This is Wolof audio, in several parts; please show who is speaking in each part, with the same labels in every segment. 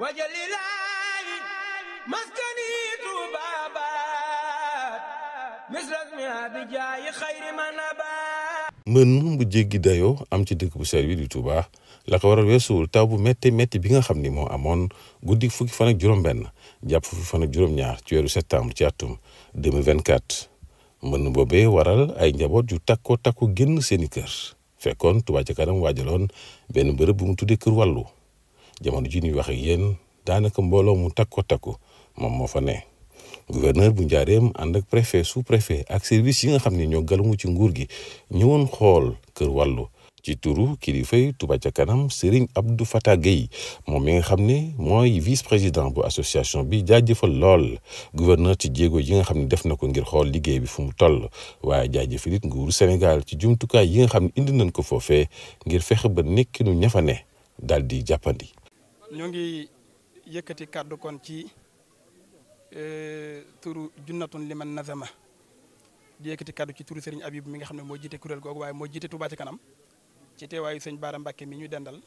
Speaker 1: wajalilaayi mu tubaabaat
Speaker 2: dayoo am ci dëkk bu sell bi di Touba la ko waral weesuwul taw bu métti métti bi nga xam ni moo amoon guddi fukki fan ak juróom-benn jàpp fukki fan ak juróom-ñaar ci weeru septembre ci atum 2024 mbën boobee waral ay njaboot yu takko takku génn seeni kër fekkoon Touba ci kanam waajaloon benn bërëb bu mu tuddee kër wàllu jamono ji ñuy wax ak yéen daanaka mbooloo mu takko takku moom moo fa ne gouverneur bu njaareem ànd ak préfet sous préfet ak service yi nga xam ne ñoo galamu ci nguur gi ñëwoon xool kër wàllu ci turu kilifay Touba ca kanam Serigne Abdou Fatah Gueye moom mi nga xam ne mooy vice président bu association bi jaajëfal lool gouverneur ci jéego yi nga xam ne def na ko ngir xool liggéey bi fu mu toll waaye jaajëfal it nguuru Sénégal ci jumtukaay yi nga xam ne indi nañ ko foofee ngir fexe ba nekkinu ñafa ne daal di jàppandi.
Speaker 3: ñoo ngi yëkkati kàddu kon ci e, turu junnatun liman nazama di yëkkati kàddu ci turu Serigne Abib mi nga xam ne moo jiite kuréel googu waaye moo jiite Touba ci kanam ci teewaayu sëñ Baara mbàkke mi ñu dendal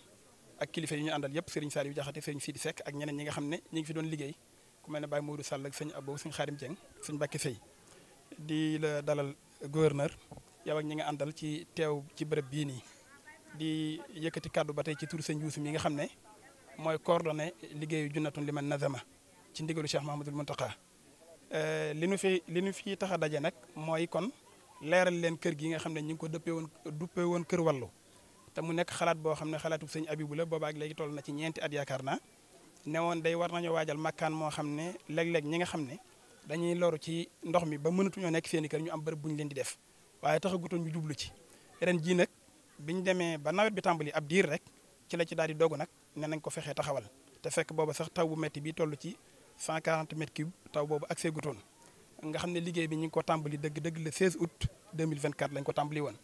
Speaker 3: ak kilifa yu ñu àndal yëpp Serigne Saliou Diakhaté Serigne Sidi sekk ak ñeneen ñi nga xam ne ñu ngi fi doon liggéey ku mel ne Baye Modou Sall ak sëñ Abou sëñ Xaarim Dieng sëñ Mbacke Sey di la dalal gouverneur yow ak ñi nga àndal ci teew ci bërëb bii nii di yëkkati kàddu ba tey ci turu sëñ Youssou mi nga xam ne mooy coordonné liggéeyu junnatun liman nazama ci ndigalu Cheikh Mahamadul Muntaqa euh, li nu fi li nu fi tax a daje nag mooy kon leeral leen kër gi nga xam ne ñu ngi ko dëppee woon duppee woon kër wàllu te mu nekk xalaat boo xam ne xalaatu sëñ Abibu la boobaak léegi toll na ci ñeenti at yaakaar naa ne woon day war nañoo waajal makkaan moo xam ne léeg-léeg ñi nga xam ne dañuy loru ci ndox mi ba mënatuñoo nekk seen i kër ñu am bërëb bu ñu leen di def waaye taxagutoon ñu jublu ci ren jii nag biñ demee ba nawet bi tàmbali ab diir rek ci la ci daal di dogu nag ne nañ ko fexee taxawal te fekk booba sax taw bu métti bi toll ci 140 mètres cube taw boobu accès gu toon nga xam ne liggéey bi ñu ngi ko tàmbali dëgg-dëgg le 16 août 2024 lañ ko tàmbali woon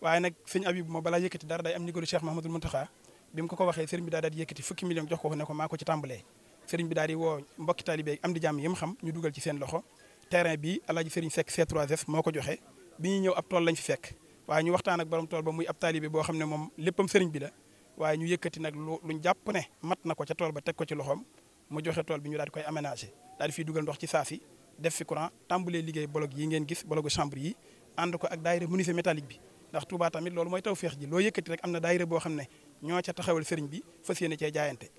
Speaker 3: waaye nag sëñ Abib moo balaa yëkkati dara day am ndigalu Cheikh Mahamadul Muntaxa bi mu ko ko waxee sëriñ bi daal di yëkkati fukki million woo mbokki taalibe am di jàmm yi mu xam ñu dugal ci seen loxo terrain bi alaaji sëriñ Seck C3S moo ko joxe bi ñuy ñëw ab tool ba muy ab taalibe boo xam ne moom léppam sëriñ bi la waaye ñu yëkkati nag lu luñ jàpp ne mat na ko ca tool ba teg ko ci loxoom mu joxe tool bi ñu daal koy aménager daal fi fiy dugal ndox ci saa def fi courant tàmbalee liggéey bolog yi ngeen gis bologu chambre yi ànd ko ak daayira menuisier métallique bi ndax Touba tamit loolu mooy tawféex ji loo yëkkati rek am na daayira boo xam ne ñoo ca taxawal sëriñ bi fas yéene cee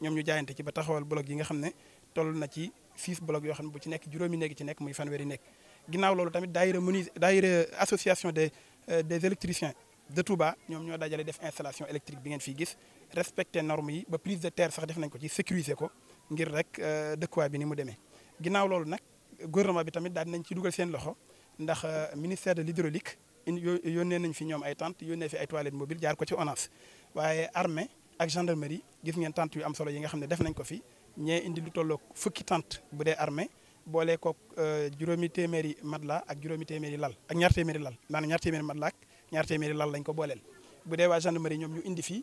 Speaker 3: ñoom ñu jaayante ci ba taxawal bolog yi nga xam ne toll na ci six bolog yoo xam ne bu ci nekk juróomi néegi ci nekk muy fanweeri nekk ginnaaw loolu tamit daayira menuisier daayira association des euh, des électriciens de tuba ñoom ñoo dajale def installation électrique bi ngeen fi gis respecté norme yi ba prise de terre sax def nañ ko ci sécuriser ko ngir rek euh, dëkkuwaay bi ni mu demee ginnaaw loolu nag gouvernement bi tamit daal nañ ci dugal seen loxo ndax euh, ministère de l'hydraulique yónnee nañ fi ñoom ay tentes yónnee fi ay toilettes mobiles jaar ko ci ONAS waaye armée ak gendarmerie gis ngeen tentes yu am solo yi nga xam ne def nañ ko fi ñee indi lu tolloog fukki tentes bu dee armée boole koog euh, juróomi téeméeri matelas ak juróomi téeméeri lal ak ñaar téeméeri lal maanaam ñaar téeméeri matelas ñaar téeméeri lal lañ ko booleel bu dee waa gendarmerie ñoom ñu indi fii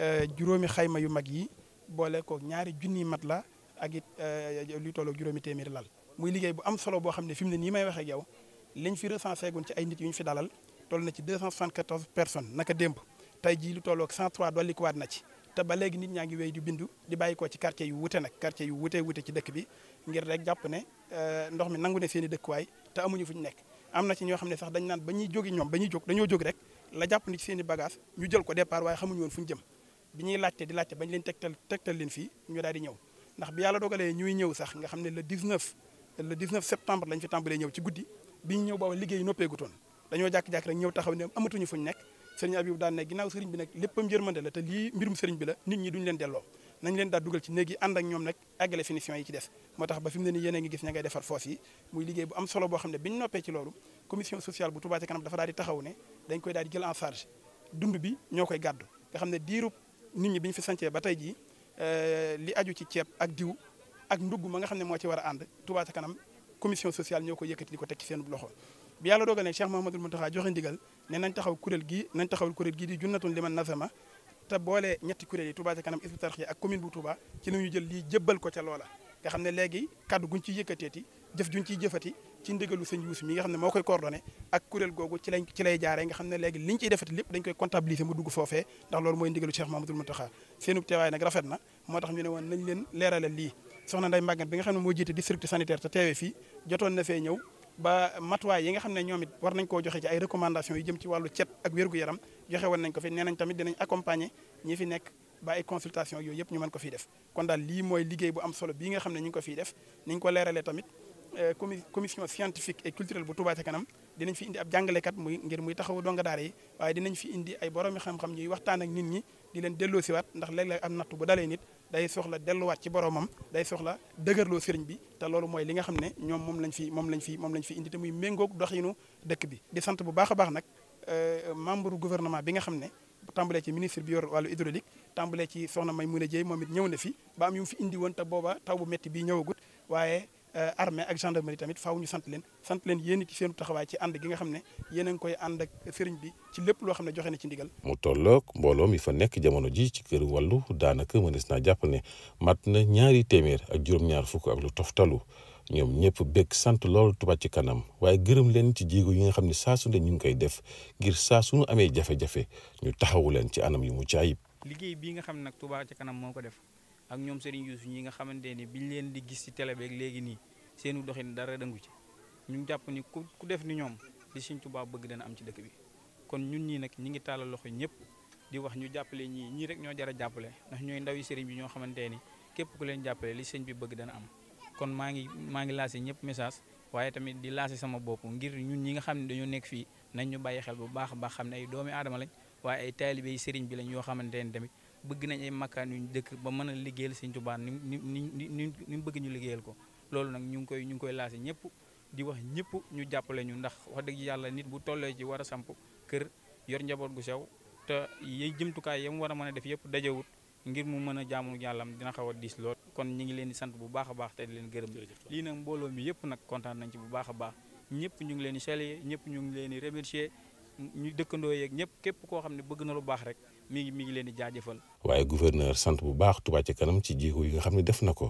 Speaker 3: euh, juróomi xayma yu mag yi boole ko ñaari junniy mat la ak it euh, luy tolloog juróomi téeméeri lal muy liggéey bu am solo boo xam ne fi mu ne nii may wax ak yow liñ fi recensé gun ci ay nit yu ñu fi dalal toll na ci 274 personnes naka démb tey jii lu tolloog 103 na ci te ba léegi nit ñaa ngi wéy di bindu di bàyyi ko ci quartier yu wute nag quartier yu wute wute ci dëkk bi ngir rek jàpp ne euh, ndox mi nangu ne seen i dëkkuwaay te amuñu fu ñu nekk am na ci ñoo xam ne sax dañ naan ba ñuy jógi ñoom ba ñuy jóg dañoo jóg rek la jàpp ni ci seen i ñu jël ko départ waaye xamuñu woon fu ñu jëm bi ñuy laajte di laajte bañ leen tegtal tegtal leen fii ñu daal di ñëw ndax bi yàlla dogalee ñuy ñëw sax nga ne le 19 le 19 septembre lañ fi tàmbalee ñëw ci guddi bi ñu ñëw booba liggéey noppeegutoon dañoo jàkk-jàkk rek ñëw taxaw ne amatuñu fuñ nekk sëriñ Abibu daan ne ginnaaw sëriñ bi nag léppam jërmande la te lii mbirum sëriñ bi la nit ñi duñ leen delloo nañ leen daal dugal ci néeg yi ànd ak ñoom nag àggale finition yi ci des moo tax ba fi mu ne nii yéen a ngi gis ña ngay defar foos yi muy liggéey bu am solo boo xam ne biñ noppee ci loolu commission sociale bu Touba kanam koy daal di jël en bi ñoo koy gàddu nga xam ne diiru nit ñi biñ fi sancee ba tey jii euh, li aju ci ceeb ak diw ak ndugg ma xam ne moo ci war a ànd Touba ca kanam commission sociale ñoo ko yëkkati di ko teg ci seen loxo bi yàlla dogal ne Cheikh Mouhamadoul Mountakha joxe ndigal ne nañ taxaw kuréel gii nañ taxawal kuréel gii di junnatun liman nazama te boole ñetti kuréel yi Touba ca kanam Hizbut Tarqiyyah ak commune bu Touba ci la ñu jël lii jébbal ko ca loola nga xam ne léegi kaddu guñ ciy yëkkateeti jëf juñ ciy jëfati ci ndigalu sëñ Youssou nga xam ne moo koy coordonné ak kuréel googu ci lañ ci lay jaaree nga xam ne léegi liñ ciy defati lépp dañ koy comptabiliser mu dugg foofee ndax loolu mooy ndigalu Cheikh Mamadou Mountakha seenu teewaay nag rafet na moo tax ñu ne woon nañ leen leeralal lii soxna Ndeye Mbagane bi nga xam ne moo jiite district sanitaire te teewee fii jotoon na ba matuwaay yi nga xam ne ñoom it war nañ koo joxe ci ay recommandation yi jëm ci wàllu cet ak wér-gu-yaram joxe woon nañ ko fi nee nañ tamit dinañ accompagner ñi fi nekk ba ay consultation yooyu yëpp ñu mën ko fiy def kon daal lii mooy bu am solo bii nga xam ne ñu ngi ko fiy def ni ñu ko leeralee tamit euh, commission scientifique et culturelle bu Touba ca kanam dinañ fi indi ab jàngalekat muy ngir muy taxawu donga daara yi waaye dinañ fi indi ay boroomi xam-xam ñuy waxtaan ak nit ñi di leen delloo siwaat ndax léeg-léeg am nattu bu dalee nit day soxla delluwaat ci boromam day soxla dëgër loo sëriñ bi te loolu mooy li nga xam ne ñoom moom lañ fi moom lañ fi moom lañ fi indi te muy méngoog doxinu dëkk bi di sant bu baax a baax nag euh, membre gouvernement bi nga xam ne tàmbalee ci ministre bi yor wàllu hydraulique tàmbalee ci soxna may mu Maimouna Dieye moom it ñëw na fi ba am yu fi indi woon te booba taw bu métti bi ñëwagut waaye Euh, armée ak gendarmerie tamit faaw ñu sant leen sant leen yéen ci seen taxawaay ci ànd gi nga xam ne yéen koy ànd ak sëriñ bi ci lépp loo xam ne joxe na ci ndigal.
Speaker 2: mu tollook mbooloo mi fa nekk jamono ji ci kër wallu daanaka mënees naa jàpp ne mat na ñaari téeméer ak juróom-ñaar fukk ak lu toftalu ñoom ñëpp bëgg sant loolu tubaat ci kanam waaye gërëm leen ci jéego yi nga xam ne saa su ne ñu ngi koy def ngir saa su ñu amee jafe-jafe ñu taxawu leen ci anam yu mucc
Speaker 1: liggéey bii nga xam nag Touba ci kanam moo ko def ak ñoom Serigne Youssou ñi nga xamante ni biñ leen di gis ci télé beeg léegi nii seenu doxin dara dangu ci ñu jàpp ni ku ku def ni ñoom li Serigne Touba bëgg dana am ci dëkk bi kon ñun ñii nag ñi ngi tàllal loxo ñëpp di wax ñu jàppale ñii ñii rek ñoo jar a jàppale ndax ñooy ndaw yi bi ñoo xamante ni képp ku leen jàppale li sëñ bi bëgg dana am kon maa ngi maa ngi lancé ñëpp message waaye tamit di lancé sama bopp ngir ñun ñi nga xam ne dañoo nekk fii nañ ñu bàyyi xel bu baax baax xam ne ay doomi aadama lañ waaye ay taalibe yi bi lañ yoo xamante tamit bëgg nañ ay makkaan yu ñu dëkk ba mën a liggéeyal Sëñ Tuubaa ni ni ni ni bëgg ñu liggéeyal ko loolu nag ñu ngi koy ñu ngi koy laase ñëpp di wax ñëpp ñu jàppale ñu ndax dëgg yàlla nit bu tollee ci war a samp kër yor njaboot gu sew te yiy jëmtukaay yam war a mën a def yëpp dajewut ngir mu mën a jaamu yàllam dina xaw a diis kon ñu ngi leen di sant bu baax a baax te leen gërëm lii nag mbooloo mi yëpp nag kontaan nañ ci bu baax a baax ñëpp ñu ngi leen di saluer ñëpp ñu ngi leen di remercier ñu dëkkandoo yeeg ñëpp képp koo xam ne bëgg na lu baax rek mi mi ngi leen di jaajëfal.
Speaker 2: waaye gouverneur sant bu baax Touba ca kanam ci jéego yi nga xam ne def na ko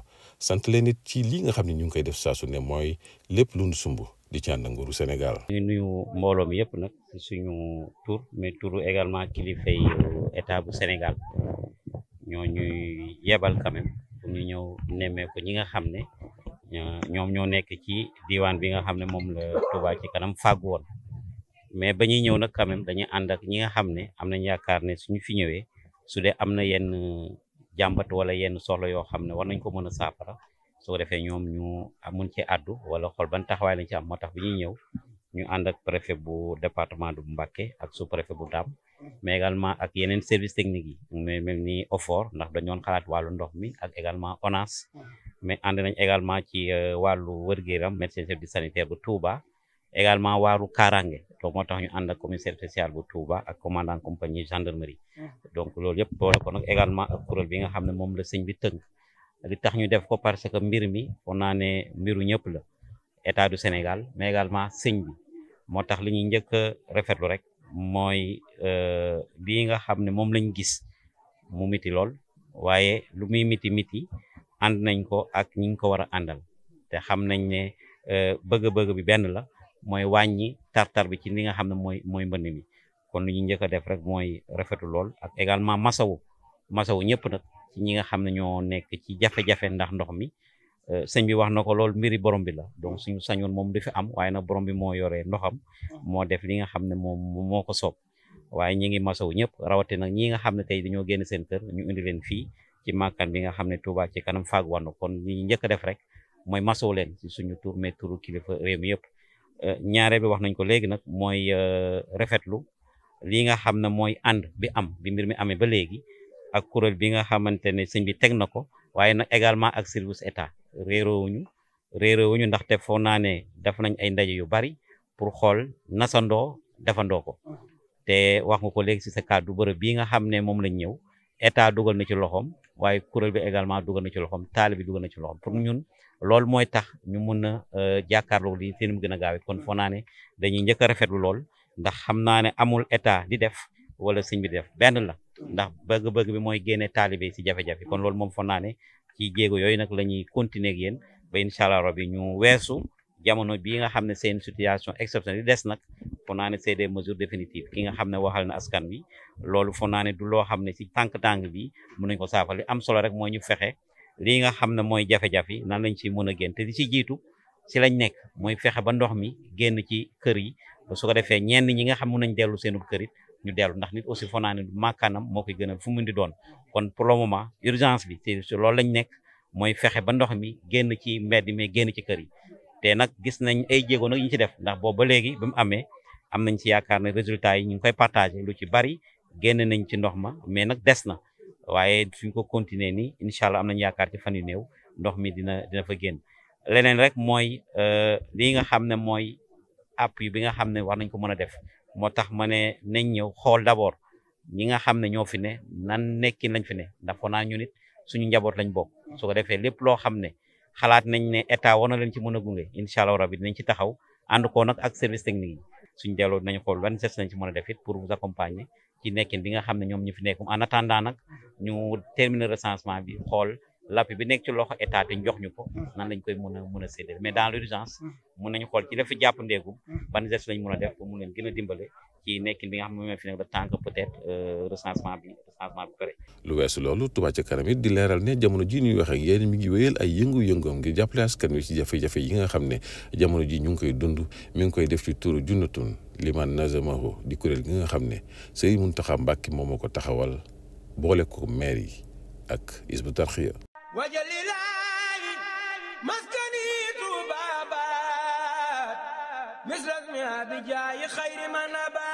Speaker 2: sant leen it ci lii nga xam ne ñu ngi koy def saa ne mooy lépp lu nu sumb di ci ànd
Speaker 4: nguuru Sénégal. ñu nuyu mbooloo mi yëpp nag suñu tur mais turu également kilifay état bu senegal ñoo ñuy yebal quand même pour ñu ñëw nemmee ñi nga xam ne ñoom ñoo nekk ci diwaan bi nga xam ne moom la Touba kanam fàggu woon. mais ba ñuy ñëw mm. nag quand même dañuy ànd ak ñi nga xam ne am nañ yaakaar ne suñu fi ñëwee su dee am na yenn euh, jàmbat wala yenn soxla yoo xam ne war nañ ko mën a saafara soo ko defee ñoom ñu mun ci àddu wala xool ban taxawaay lañ ci am moo tax bi ñuy ñëw ñu ànd ak préfet bu département du Mbacké ak su préfet bu Dame mais également ak yeneen service technique yi mais même ni OFOR ndax dañoon xalaat wàllu ndox mi ak également ONAS mm. mais ànd nañ également ci euh, wàllu wërgéeram médecin chef du sanitaire bu Touba également waaru kaaraange donc moo tax ñu ànd ak commissaire spécial bu Touba a commandant compagnie gendarmerie donc loolu yëpp boole ko nag également ak kuréel bi nga xam ne moom la sëñ bi tënk li tax ñu def ko parce que mbir mi on naa ne mbiru ñëpp la état du Sénégal mais également sëñ bi moo tax li ñuy njëkk a rafetlu rek mooy euh, bii nga xam ne moom lañ gis mu miti lool waaye lu muy miti miti ànd nañ ko ak ñi ko war a àndal te xam nañ ne euh, bëgg-bëgg bi benn la mooy wàññi tartar bi ci li nga xam ne mooy mooy mbënd mi kon lu ñu njëkk a def rek mooy rafetu lool ak également masawu masawu ñëpp nag ci ñi nga xam ne ñoo nekk ci jafe ndax ndox mi euh, sëñ bi wax na ko lool mbiri borom bi la donc suñu sañoon moom du am waaye nag borom bi moo yore ndoxam moo def li nga xam ne moom moo ko soob waaye ñi ngi masawu ñëpp rawate nag ñi nga xam ne tey dañoo génn seen kër indi leen fii ci màkkaan bi nga xam ne Touba ci kanam faag wann kon li ñu njëkk a def rek mooy masawu leen ci suñu tur mais turu kilifa réew mi yëpp ñaare bi wax nañ ko léegi nag mooy euh, rafetlu lii nga xam ne mooy ànd bi am bi mbir mi amee ba léegi ak kuréel bi nga xamante ne sëñ bi teg na ko waaye nag également ak service état réeroowuñu réeroowuñu ndaxte foo naa ne def nañ ay ndaje yu bari pour xool nasandoo defandoo ko mm. te wax nga ko léegi si sa kàddu bërëb bii nga xam ne moom lañ ñëw état dugal na ci loxoom waaye kuréel bi également dugal na ci loxoom taali bi dugal na ci loxoom pour ñun loolu mooy tax ñu mën a euh, jàkkaarloo li seen mu gën a gaawe kon foo naa ne dañuy njëkk a rafetlu lool ndax xam naa ne amul état di def wala sëñ bi def benn la ndax bëgg-bëgg bi mooy génne taalibe si jafe-jafe kon loolu moom foo naa ne ci jéego yooyu nag la ñuy continuer ak yéen ba incha allah rabi ñu weesu jamono bii nga xam ne seen situation exceptionnelle di des nag foog naa ne c'est des mesures définitives ki nga xam ne waxal na askan wi loolu foog du loo xam ne si tànk-tànk bi mën nañ ko saafara li am solo rek mooy ñu fexe li nga xam ne mooy jafe-jafe yi nan lañ si mën a génn te li si jiitu si lañ nekk mooy fexe ba ndox mi génn ci kër yi su defee ñenn ñi nga xam mën nañ dellu seenu kër it ñu dellu ndax nit aussi foog ne du màkkaanam koy gënal fu mu di doon kon pour le moment urgence bi te loolu lañ nekk mooy fexe ba ndox mi génn ci mbedd mi génn ci kër yi te nag gis nañ ay jéego nag ñu ci def ndax boobu ba léegi bi mu amee am nañ ci yaakaar ne résultat yi ñu ngi koy partage lu ci bari génn nañ ci ndox ma mais nag des na waaye suñ ko continuer nii incha allah am nañ yaakaar ci fan yu néew ndox mi dina dina fa génn leneen rek mooy euh, lii nga xam ne mooy appui bi nga xam ne war nañ ko mën a def moo tax ma ne nañ ñëw xool d'abord ñi nga xam ne ñoo fi ne nan nekkin lañ fi ne ndax foo naa ñu nit suñu njaboot lañ bokk su ko defee lépp loo xam ne xalaat nañ ne état war na leen ci mën a gunge incha allah rabi dinañ ci taxaw ànd koo nag ak service technique yi suñ deloo nañ xool ban geste lañ ci mën a def it pour vous accompagner ci nekkin bi nga xam ne ñoom ñu fi nekk en attendant nag ñu terminer recensement bi xool l'appui bi nekk ci loxo état te jox ñu ko nan lañ koy mën a mën a séddale mais dans l'urgence mm. mën nañu xool ci la fi jàpp ndeegum mm. ban geste lañ mën a def pour mun leen gën a dimbale ci nekkin bi nga xam ne moom fi nekk da tànk peut-être euh, recensement bi recensement
Speaker 2: lu wees loolu Touba ca kanam it di leeral ne jamono ji ñuy wax ak yéen mi ngi wéyal ay yëngu-yëngoom ngir jàppale askan wi ci jafe-jafe yi nga xam ne jamono ji ñu ngi koy dund mi ngi koy def ci turu junnatun liman nazamaho di kuréel gi nga xam ne mun taxaw Mbàkke moom moo ko taxawal boole ko maire yi ak Hizbut Tarqiyyah
Speaker 1: مثل اسمها بجاي خير من أبات